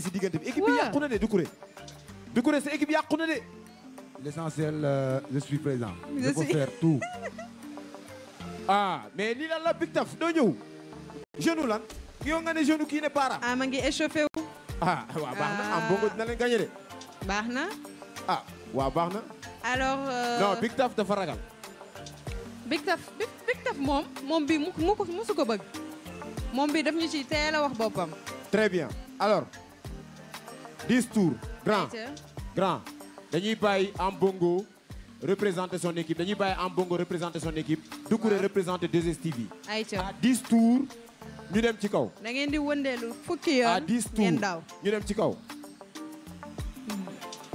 si diggante bi équipe bi yàqu na de Doucouré Doucouré sa équipe yàqu na de l'essentiel euh, je suis présent je peux faire tout ah mais li lan la Big Taf doo ñëw genou lan yow nga ne genou kii para ah ma ngi échauffé ah waaw baax na ah. am bongo dina leen gagné de baax na ah waaw baax na alors euh, Big Taf dafa ragal Big Taf Big Taf moom moom bi mu ko musu ko bëgg moom bi daf ñu ci wax boppam très bien alors 10 tours grand grand dañuy bàyyi en bongo représenter son équipe dañuy bàyyi en bongo représenter son équipe Doucouré représenter 2STV à 10 tours ñu dem ci kaw da ngeen di wëndeelu fukki yoon à 10 ñu dem ci kaw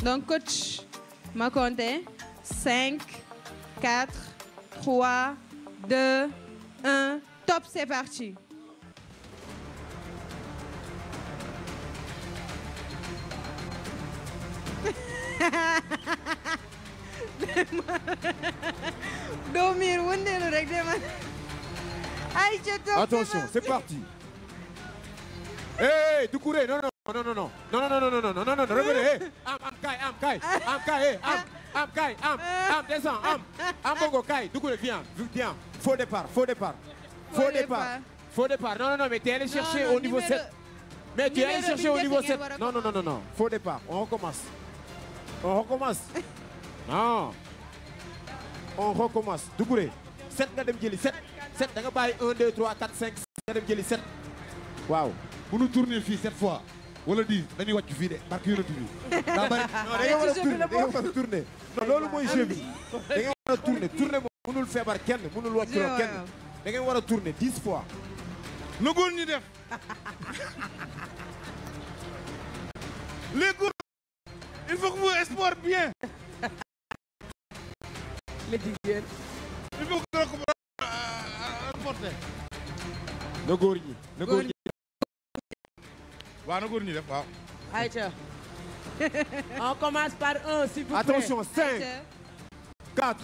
donc coach ma compté 5 4 3 2 1 top c'est doo miir wëndeelu rek demal. ay ca toog attention c'est parti. hey Doucouré non non non non non non non non non non non non revenez am am kay am kay am kay am am kay am am descend am am bongo kay Doucouré viens viens faux départ faux départ faux départ faux départ non non non mais t'es allé chercher au niveau 7 mais tu es allé chercher au niveau 7 non non non non faux départ on recommence on recommence non on recommence Doucouré 7 nga dem jëli 7 7 da nga bàyyi 1 2 3 4 5 nga dem jëli 7 waaw bu ñu tourner fii 7 fois wala 10 dañuy wàcc fii de barke yonent bi daa bari non da nga war a tourner non da nga war a tourner tourner moom mënul feebar kenn mënul wàcculoo kenn da nga war a fois na góor ñi def bien. la on commence par un attention cinq quatre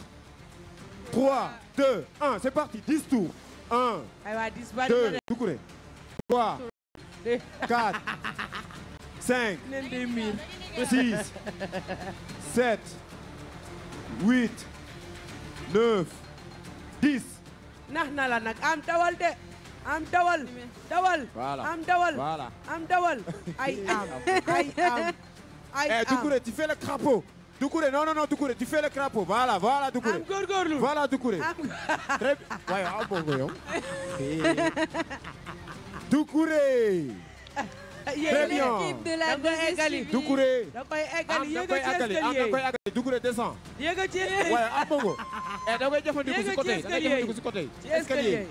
trois deux un c'est parti dix tours un deux Doucouré trois quatre cinq six 7, 8, 9, 10. nax na la nag am dawal de am dawal dawal. am dawal ay am ay am ay eh, am. Doucouré tu fais le crapaud. Doucouré non non non Doucouré tu fais le crapaud voilà voilà yow. Doucouré. Eh, très bien da koy eggali Doucouré. Eh, da koy eggali yéeg a ci escalier am da koy eggali Doucouré a ci waaye si côté da ci escalier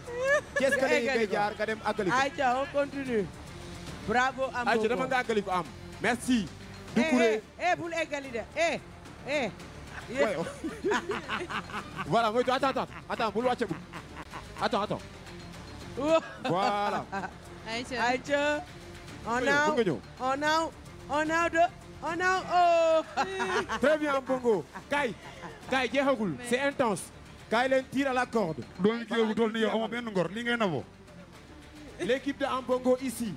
ci escalier yi jaar nga dem àggali ko. ayca on continue. bravo am nga am. merci. Doucouré eh, eh bul eggali de oh. voilà mooy attends attends attends bul wàcce bul. attends attends. voilà. ayca ayca. on a on a on a deux on oh, a kay kay jeexagul c'est intense. kay leen tir à la corde. doon liggéey bu toll nii yow amoo benn ngor li ngay naboo. l'équipe de Ambongo ici.